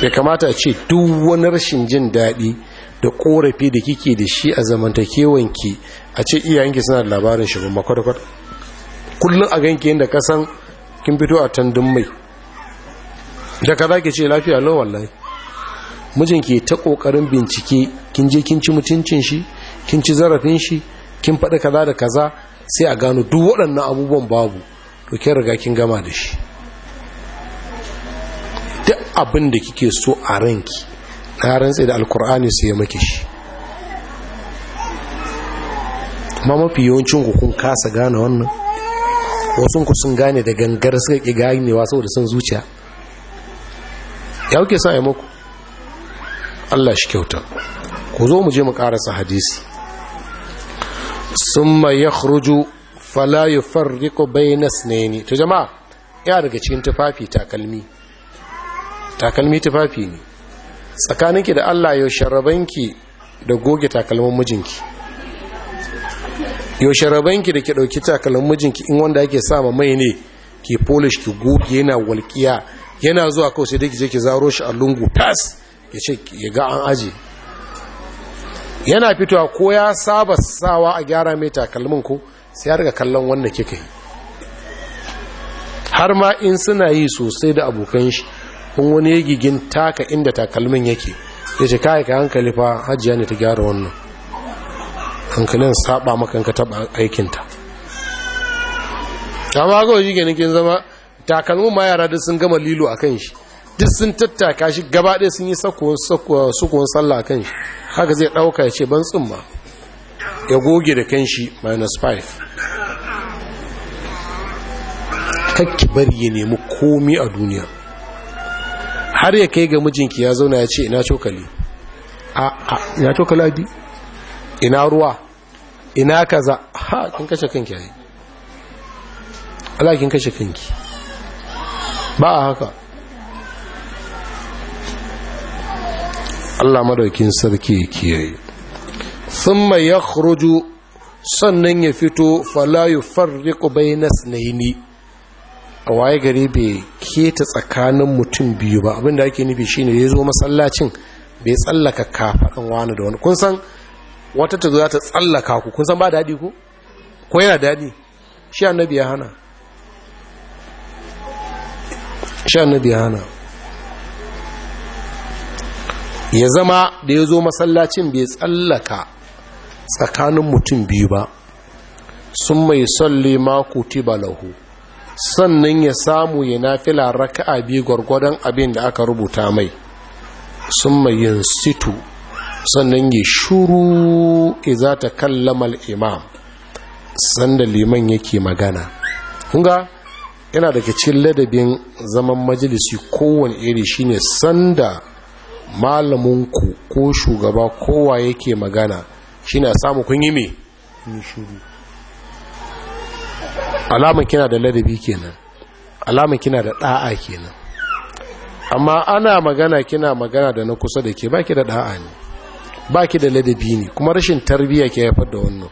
bai kamata a ce duk wani rashin jin daɗi da ƙorafi da kike da shi a zamantakewanki a ce iyayenki suna da labarin shi ba makwadakwad kullum a ganki yadda kasan kin fito a tandun mai da ka zaki ce lafiya lo wallahi mijin ta kokarin bincike kin je kin ci mutuncin shi kin ci zarafin shi kin faɗi kaza da kaza sai a gano duk waɗannan abubuwan babu to kin riga kin gama da shi abin da kike so a ranki na rantse da alkur'ani sai ya maki shi ma mafi yawancin hukun kasa gane wannan wasu ku sun gane da gangar suka ki ganewa saboda son zuciya ya kuke sa ya muku Allah shi kyauta ku zo mu je mu karasa hadisi summa falayu farriko yufarriqu na isnayn to jama'a ya daga cikin tufafi takalmi takalmi tufafi ne tsakaninki da Allah yau sharabanki da goge takalmin mijinki yau sharabanki da ke dauki takalmin mijinki in wanda ake sama mai ne ke polish ki goge yana walkiya yana zuwa kawai sai dai ki je ki zaro shi a lungu tas ya ce ya ga an aji yana fitowa ko ya saba sawa a gyara mai takalmin ko sai har ga kallon wanda kika yi har ma in suna yi sosai da abokan shi Kun wani ya gigin taka inda takalmin yake ya ce kayi ka hankali fa hajiya ne ta gyara wannan hankalin saba makanka taba aikinta amma ga wani ganin kin zama takalmin ma yara duk sun gama lilo a kan shi duk sun tattaka shi gaba ɗaya sun yi sukuwan sallah a kan shi haka zai ɗauka ya ce ban tsumma. ya goge da kan shi minus 5 kakki bari ya nemi komi a duniya har ya kai ga mijinki ya zauna ya ce ina cokali a a ina cokali abi ina ruwa ina kaza ha kin kashe kanki ai Allah kin kashe kanki ba a haka Allah madaukin sarki kiyaye thumma yakhruju sannan ya fito fala yufarriqu bayna snaini a waye gari bai keta tsakanin mutum biyu ba abinda ake nufi shine ya zo masallacin bai tsallaka kafaɗin wani da wani kun san wata ta zo za ta tsallaka ku kun san ba daɗi ku ko yana daɗi shi annabi ya hana shi annabi ya hana ya zama da ya zo masallacin bai tsallaka tsakanin mutum biyu ba sun mai salli tiba lahu sannan ya samu ya nafila raka'a biyu gwargwadon abin da aka rubuta mai sun mayin situ sannan ya shuru iza ta kallamal imam sanda liman yake magana kunga yana daga cikin ladabin zaman majalisi kowane iri shine sanda malaminku ko shugaba kowa yake magana shine a samu kun yi me shuru alamun kina da ladabi kenan alamun kina da da'a kenan amma ana magana kina magana da na kusa da ke baki da da'a ne baki da ladabi ne kuma rashin tarbiyya ke haifar da wannan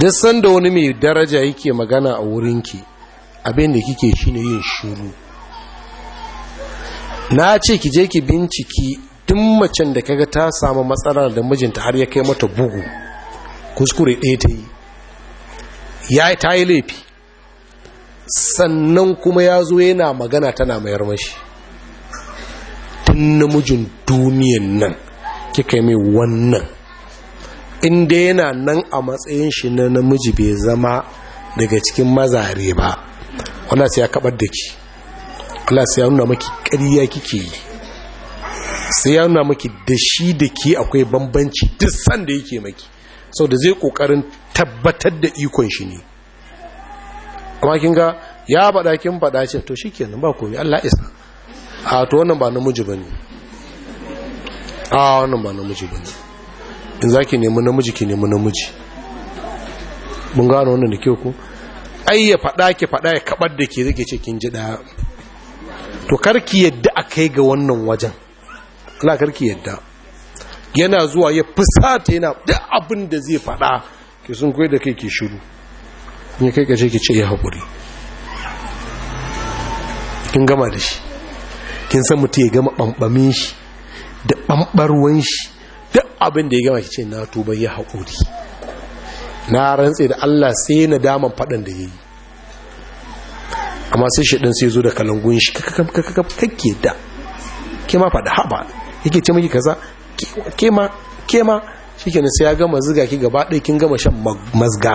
duk da wani mai daraja yake magana a wurin wurinki abin da kike shine yin shuru na ce ki je ki binciki duk macen da kaga ta samu matsalar da mijinta har ya kai mata bugu kuskure ɗaya ta yi ya ta yi laifi sannan kuma ya zo yana magana tana mayar mashi tun namijin duniyan nan kika yi mai wannan inda yana nan a matsayin shi na namiji bai zama daga cikin mazare ba wanda sai ya kabar da ki wala sai ya nuna maki ƙarya kike yi sai ya nuna maki da shi da ke akwai bambanci duk sanda yake maki sau da zai ƙoƙarin tabbatar da ikon shi ne amma kin ga ya bada kin bada ce to shikenan ba komai Allah isa a to wannan ba namiji bane a wannan ba namiji bane in zaki nemi namiji ki nemi namiji mun gano wannan da ke ku? ai ya faɗa ki fada ya kabar da ke zake ce kin ji da to karki yadda akai ga wannan wajen Allah karki yadda yana zuwa ya fusata yana duk abin da zai faɗa ke sun da kai ke shiru ya kai kace ki ce ya haƙuri kin gama da shi kin san mutum ya gama ɓamɓamin shi da ɓamɓarwan shi duk abin da ya gama ki ce na tuban ya haƙuri na rantse da Allah sai na daman faɗin da ya yi amma sai shi dan sai zo da kalangun shi kakke da Kema yake ce kaza ke ma shikenan sai ya gama ziga ki gaba ɗaya kin gama shan mazga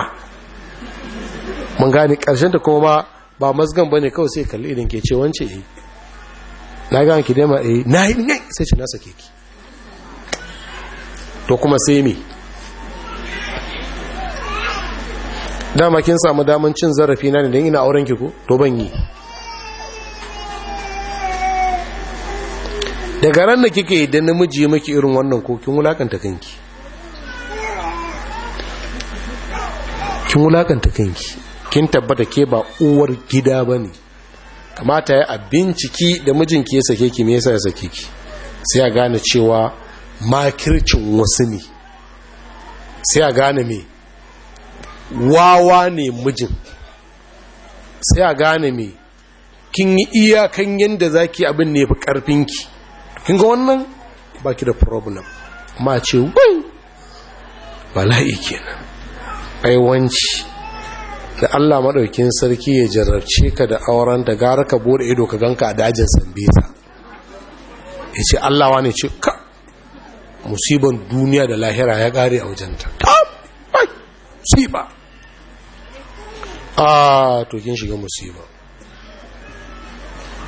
mun gane ƙarshen ta kuma ba mazgan bane kawai sai kalli idan ke ce wance eh na ga ki dama eh na yi ne sai ce na sake ki to kuma sai me dama kin samu daman cin zarafi na ne dan ina auren ki ko to ban yi daga ran da kike da namiji miki irin wannan ko kin wulakanta kanki kin wulakanta kanki kin tabbata ke ba uwar gida ba ne, kamata ya abinciki da mijinki ya sake ki me yasa ya sake ki sai a gane cewa makircin wasu ne sai a gane me wawa ne mijin sai a gane me kin yi iyakan yadda zaki abin ne fi karfinki kin ga wannan baki da problem ma ce wai bala'i kenan aiwanci da Allah maɗaukin sarki ya jarrabce ka da auren da gara ka bude ido ka ganka a dajin sambisa ya ce Allah wane ce ka musibin duniya da lahira ya gari a wajenta bai musiba a ah, tokin shiga musiba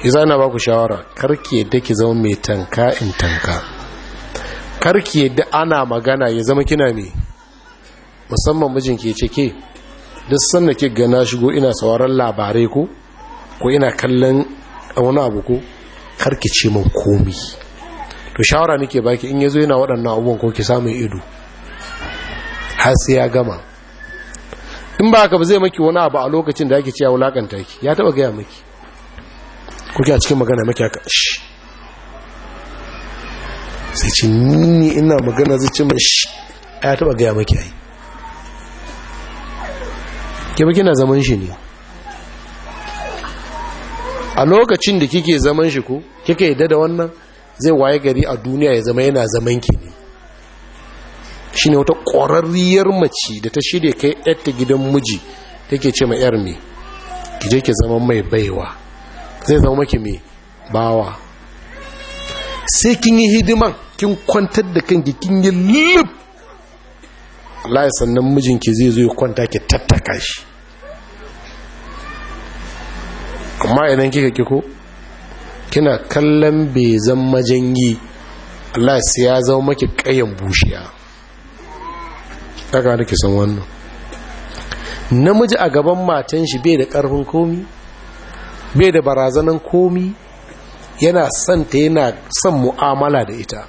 iza na ba ku shawara karki yadda ki zama mai tanka in tanka karki yadda ana magana ya zama kina mai musamman mijinki ce ke duk sannan ki ga na shigo ina sauraron labarai ko ko ina kallon wani abu ko karki ce min komi to shawara nake baki in yazo yana waɗannan abubuwan ko ki samu ido har sai ya gama in ba ka ba zai maki wani abu a lokacin da ake cewa wulakanta ki ya taba gaya maki ki a cikin magana maki haka shi sai ce ni ina magana zai ce mai shi ya taba gaya maki ai ke ba kina zaman shi ne a lokacin da kike zaman shi ko kika yadda da wannan zai waye gari a duniya ya zama yana zaman ki ne shine wata ƙwararriyar mace da ta shirya kai yarta gidan miji take ce ma yar me ki je ki zama mai baiwa zai zama maki mai bawa sai kin yi hidiman kin kwantar da kanki kin yi lulub Allah sannan mijinki zai zo ya kwanta ki tattaka shi amma idan kika kiko kina kallon bai zan majangi Allah sai ya zama maki kayan bushiya daga nake san wannan namiji a gaban matan shi bai da karfin komi bai da barazanan komi yana son ta yana son mu'amala da ita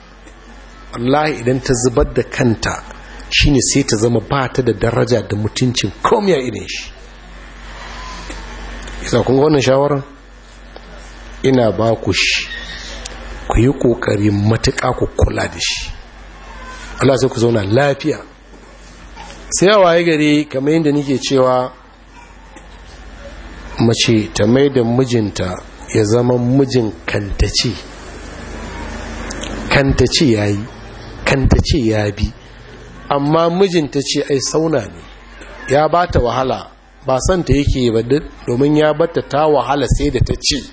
allah idan ta zubar da kanta shine sai ta zama bata da daraja da mutuncin komiya idan shi isa kun wannan shawarar ina ba ku shi ku yi kokari matuƙa ku kula da shi Allah sai ku zauna lafiya sai a waye gari kamar yadda nake cewa mace ta mai da mijinta ya zama mijin kantace kantace ya kantace ya bi amma mijinta ce ai sauna ne ya ba ta wahala ba son ta yake ba domin ya batta ta wahala sai da ta ce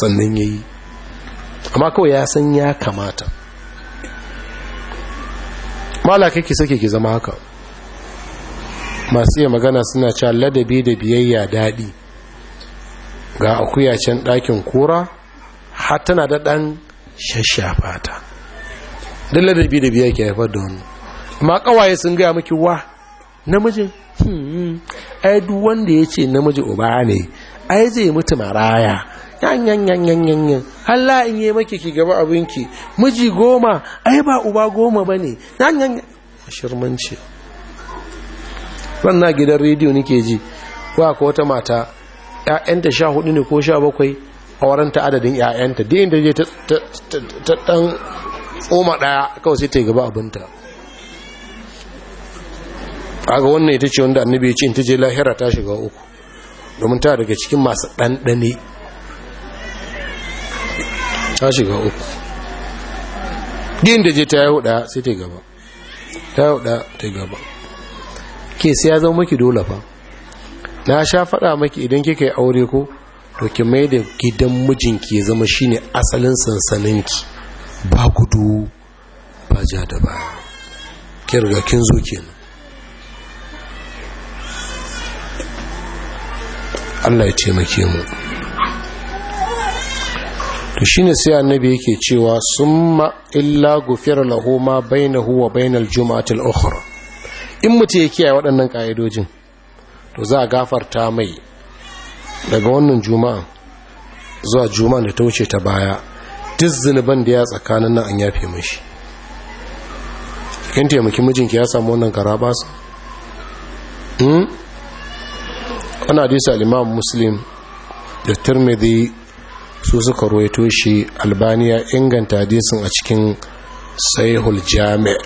sannan ya yi amma kawai ya san ya kamata mala kake sake ki zama haka masu iya magana suna ca ladabi da biyayya daɗi ga akuya ɗakin kura har tana da ɗan shashafa ta Don ladabi da biyayya ke haifar da wani amma ƙawaye sun gaya miki wa namijin hmm, hmm. ai duk wanda ya ce namiji uba ne ai zai mutu maraya yan yan yan yan yan yan in yi maki ki gaba abinki miji goma ai ba uba goma bane yan yan shirmanci wannan gidan rediyo nake ji ko ko wata mata 'ya'yanta sha hudu ne ko sha bakwai a waranta adadin yayanta da inda je ta ɗan tsoma ɗaya kawai sai ta yi gaba abinta kaga wannan ita ce wanda annabi ya ce ta je lahira ta shiga uku domin ta daga cikin masu ɗanɗane ta shiga uku ɗin da je ta yi huɗa sai ta gaba ta yi huɗa ta gaba ke sai ya zama maki dole fa na sha faɗa maki idan kika yi aure ko to ki mai da gidan mijinki ya zama shine asalin sansaninki ba gudu ba ja da ba kin riga kin zo kenan Allah ya taimake mu to shine sai annabi yake cewa summa illa gufira lahu ma bainahu wa bainal jum'ati ukhra in mutum ya kiyaye waɗannan ƙa'idojin to za a gafarta mai daga wannan juma'a zuwa juma'a da ta wuce ta baya duk zunuban da ya tsakanin nan an yafe mashi kin taimaki mijinki ya samu wannan karabas hmm? ana hadisa al-imam muslim da tirmidhi su suka ruwaito shi albaniya inganta hadisin a cikin sahihul jami'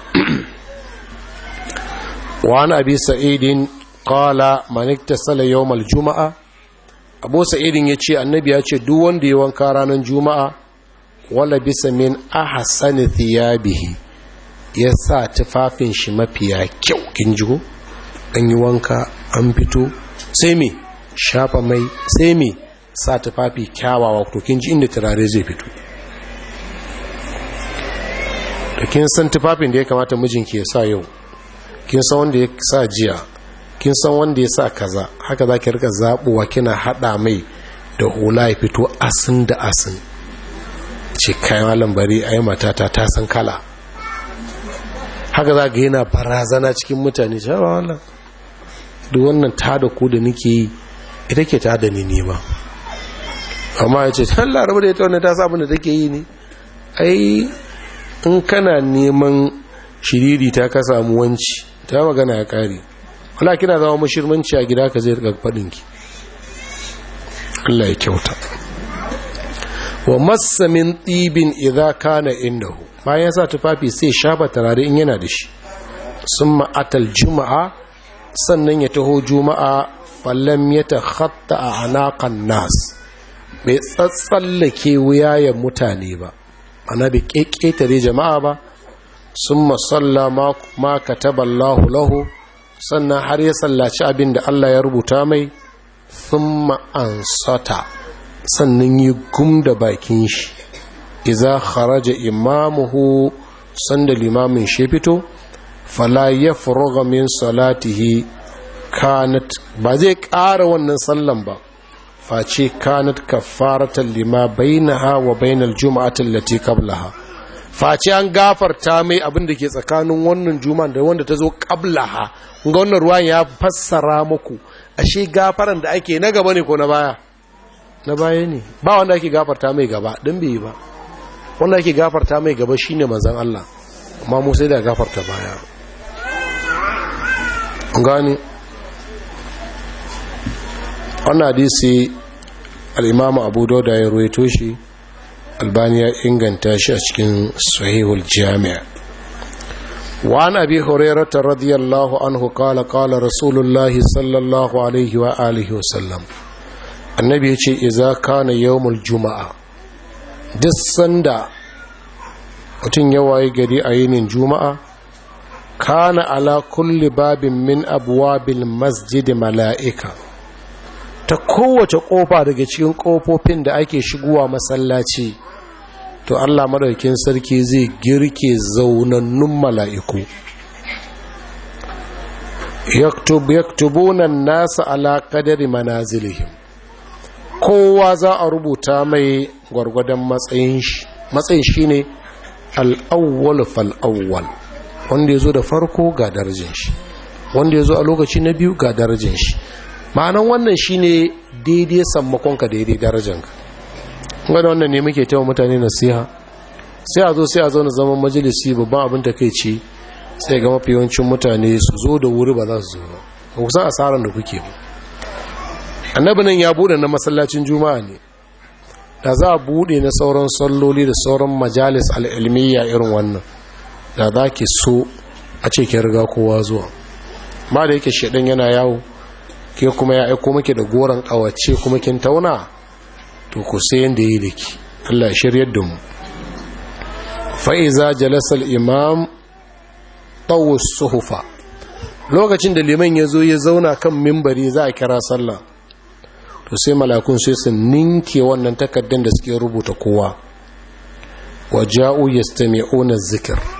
wa an abi sa'idin qala man iktasala yawm al abu sa'idin yace annabi ya ce duk wanda ya wanka ranar juma'a wala bisa min ahsani thiyabihi ya sa tufafin shi mafiya kyau kin jigo an yi wanka an fito sai me shafa mai sai me sa tufafi kyawawa kin ji inda turare zai fito da kin san tufafin da ya kamata mijinki ya sa yau kin san wanda ya sa jiya kin san wanda ya sa kaza haka za ki rika zaɓuwa kina hada mai da hula ya fito asin da asin ce kayan alambari a yi matata ta san kala haka za ga yana barazana cikin mutane shawarar duk wannan tada ku da nake yi ita ke tada ni nema amma ya ce tan laraba da ya tauna ta sabon da take yi ne ai in kana neman shiriri ta ka samu wanci ta magana ya kare wala kina zama mashirmanci a gida ka zai daga faɗin ki Allah ya kyauta wa masa min ɗibin in kana indahu bayan sa tufafi sai shafa tarare in yana da shi sun ma'atal juma'a sannan ya taho juma'a fallam ya ta hatta a anakan nas bai tsatsallake ya mutane ba ana bai ƙeƙetare jama'a ba sun masalla ta ballahu lahu sannan har ya sallaci abin da Allah ya rubuta mai sun ma'ansata sannan yi gum da bakin shi iza kharaja imamuhu sanda limamin shi fito fala ya furuga min salatihi kanat ba zai ƙara wannan sallan ba face kanat kafaratan lima bainaha wa bainal juma'atin lati qablaha face an gafarta mai abin da ke tsakanin wannan juma'a da wanda ta zo qablaha kun ga wannan ruwan ya fassara muku ashe gafaran da ake na gaba ne ko na baya na baya ne ba wanda ake gafarta mai gaba dan bai ba wanda ake gafarta mai gaba shine manzon Allah amma Musa sai da gafarta baya Wan Adisi al'imam Abu dauda ya rufe toshi Albani ya inganta shi a cikin suhewal jami'a. Wa'an abi hurera ta radiyallahu anhu kala kala rasulullahi sallallahu alaihi wa'ai alayhi wa Annabi ya ce e za ka na Juma'a? Duk sanda mutum ya wayi gari a yinin Juma'a. kana ala kulli babin min abwabil masjid mala'ika ta kowace ƙofa daga cikin ƙofofin da ake shigowa masallaci to Allah madaukakin sarki zai girke zaunannun mala'iku yaktub yaktubuna an-nasa ala qadari manazilihim kowa za a rubuta mai gwargwadon matsayin shi matsayin shine al-awwal fal-awwal wanda ya zo da farko ga darajin shi wanda ya zo a lokaci na biyu ga darajin shi ma'anan wannan shine daidai sammakon ka daidai darajanka kuma da wannan ne muke taimaka mutane nasiha sai a zo sai a zo na zaman majalisi babban abin ta kai ce sai ga mafi yawancin mutane su zo da wuri ba za su zo ba kusan asaran da kuke ba annabi nan ya bude na masallacin juma'a ne da za a bude na sauran salloli da sauran majalis al'ilmiya irin wannan da za ki so a ce ki riga kowa zuwa ma da yake shaɗin yana yawo ke kuma ya aiko maki da goron ƙawace kuma kin tauna to ku sai yadda yi da ki allah shiryar da mu fa'iza jalasal imam ɗawus suhufa lokacin da liman ya zo ya zauna kan mimbari za a kira sallah to sai malakun sai su ninke wannan takardan da suke rubuta kowa wa ja'u yastami'una zikir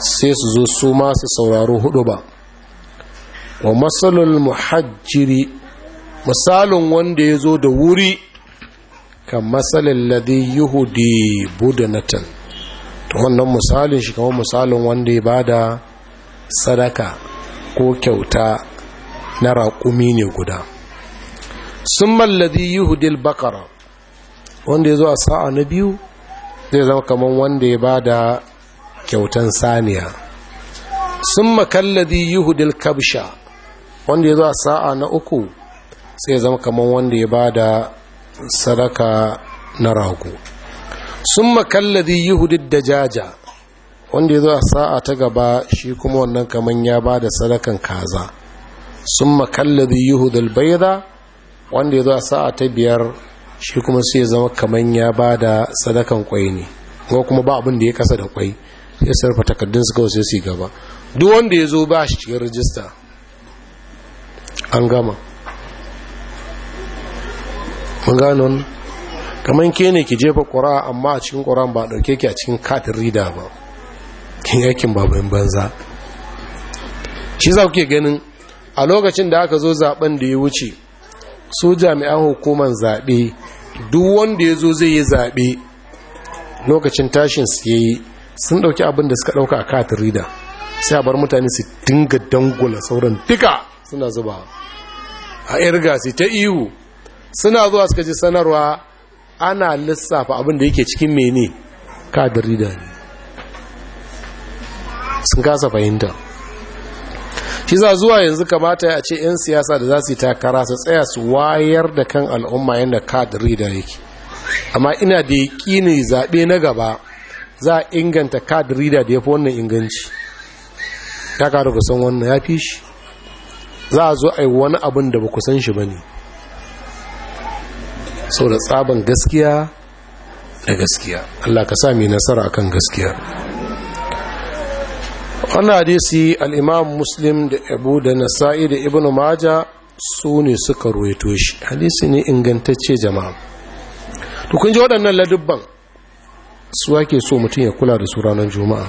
sai su zo su ma su sauraro hudu ba wa matsalin muhajjiri misalin wanda ya zo da wuri kan matsalin ladi yahudi budanatan ta wannan misalin shi kama misalin wanda ya bada sadaka ko kyauta na raƙumi ne guda sun malladi yahudi bakara wanda ya zo a sa'a na biyu zai zama kamar wanda ya bada kyautan saniya sun makalladi yuhudil kabsha wanda ya zuwa sa'a na uku sai zama kamar wanda ya ba da sadaka na rago sun makalladi yuhudil dajaja wanda ya zuwa sa'a ta gaba shi kuma wannan kamar ya ba da sadakan kaza sun makalladi yuhudil baida wanda ya zuwa sa'a ta biyar shi kuma sai zama kamar ya ba da sadakan kwai ne ko kuma ba abin da ya kasa da kwai ya sarfa takardun su kawai sai su gaba duk wanda ya zo ba shi cikin rijista an gama mun gano wani kamar ke ne ki jefa ƙura amma a cikin ƙura ba ɗauke ki a cikin katin rida ba kin yakin babayin banza shi za kuke ganin a lokacin da aka zo zaben da ya wuce su jami'an hukumar zaɓe duk wanda ya zo zai yi zaɓe lokacin tashin su yi. sun ɗauki abin da suka ɗauka a katin rida sai a bar mutane su dinga dangula sauran duka suna zuba a irga su ta ihu suna zuwa suka ji sanarwa ana lissafa abin da yake cikin mene katin rida ne sun kasa fahimta shi za zuwa yanzu kamata a ce 'yan siyasa da za su yi takara su tsaya su wayar da kan al'umma yadda katin rida yake amma ina da yaƙini zaɓe na gaba za a inganta card reader da ya fi wannan inganci ta karu kusan wannan ya fi shi za a zo a yi wani abin da ba kusan shi ba ne sau da tsaban gaskiya da gaskiya Allah ka sami nasara akan gaskiya wannan hadisi al'imam muslim da abu da nasa'i da ibn maja su ne suka ruwaito shi hadisi ne ingantacce jama'a tukunji ji waɗannan ladubban su ake so mutum ya kula da su ranar juma'a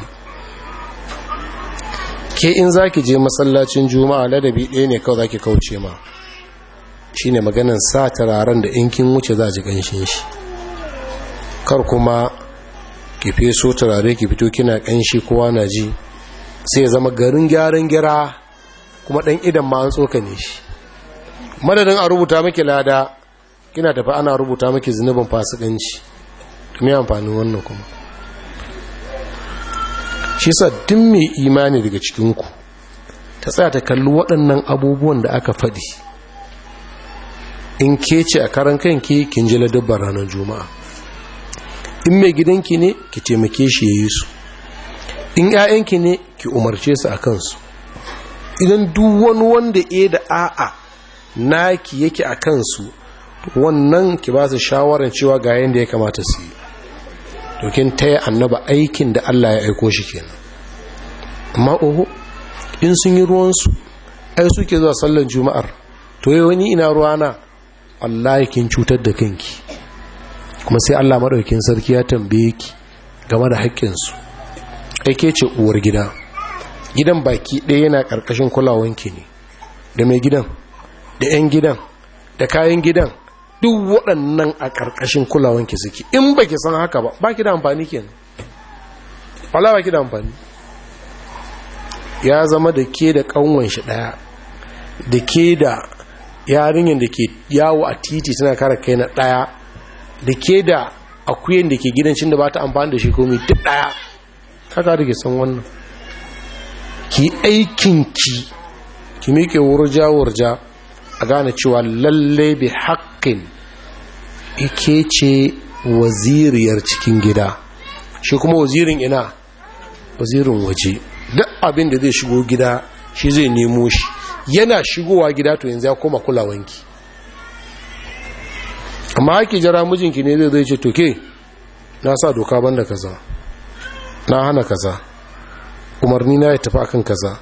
ke in za ki je masallacin juma'a ladabi ɗaya ne kawai za ki kauce ma shi ne maganin sa turaren da in kin wuce za ji ganshin shi kar kuma ki feso turare ki fito kina ƙanshi kowa na ji sai ya zama garin gyaran gyara kuma ɗan idan ma an tsokane shi madadin a rubuta miki lada kina tafi ana rubuta maki zunubin fasikanci mai amfanin wannan kuma shi sa tun mai imani daga cikinku ta tsaya ta kalli waɗannan abubuwan da aka faɗi in ke ce a karan kanki kin ji ladabbar ranar juma'a in mai gidanki ne ki taimake shi ya yi su in 'ya'yanki ne ki umarce su a kansu idan duk wani wanda e da a'a naki yake a kansu wannan ki ba su shawarar cewa ga yadda ya kamata su yi to kin taya annaba aikin da Allah ya aiko shi kenan amma oho in sun yi ruwansu ai suke zuwa sallar juma'ar to yi wani ina ruwana wallahi kin cutar da kanki kuma sai Allah maɗaukin sarki ya tambaye ki game da haƙƙinsu ke ce uwar gida gidan baki ɗaya yana ƙarƙashin kulawanki ne da mai gidan da 'yan gidan da kayan gidan duk waɗannan a ƙarƙashin kulawanki suke in ba ki san haka ba ba ki da amfani kenan wala ba ki da amfani ya zama da ke da ƙanwan shi ɗaya da ke da yarinyar da ke yawo a titi suna kara kai na ɗaya da ke da akuyan da ke gidancin da ba ta amfani da shi komi duk ɗaya kaka da ke san wannan ki aikinki ki miƙe wurja-wurja a gane cewa lalle bi haƙ haƙƙin ike ce waziriyar cikin gida shi kuma wazirin ina wazirin waje duk abin da zai shigo gida shi zai nemo shi yana shigowa gida to yanzu ya koma kulawanki amma haƙi jara mijinki ne zai zai ce toke na sa doka banda kaza na hana kaza umarni na ya tafi akan kaza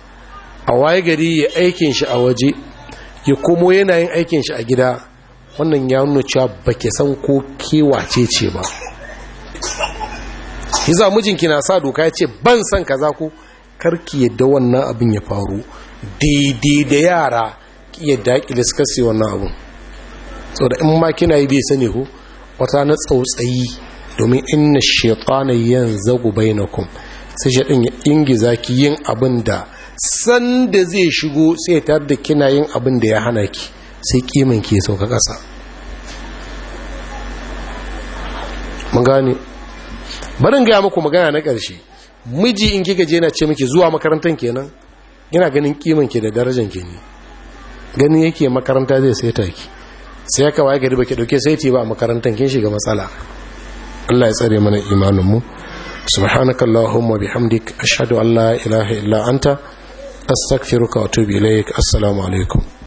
a waye gari ya aikin shi a waje ya komo yana yin aikin shi a gida wannan ya nuna cewa ba ke san ko kewace ce ba yasa mijinki na sa doka ya ce ban san ka za ko karki yadda wannan abin ya faru daidai da yara ki ya suka siya wannan abin da in ma kina yi bai sani ko wata na tsautsayi domin inna bai na kun. sai ɗin ya ingiza ki yin abin da sanda zai shigo sai tar da kina yin abin da ya hana ki sai kiman ke sauka ƙasa barin gaya muku magana na ƙarshe miji in kika je na ce miki zuwa makarantar kenan yana ganin kiman ke da darajar ke ne ganin yake makaranta zai sai taki sai ya kawai gari baki dauke sai ce ba makarantar kin shiga matsala Allah ya tsare mana imanin mu subhanaka allahumma bihamdik ashhadu an la ilaha illa anta astaghfiruka wa atubu assalamu alaikum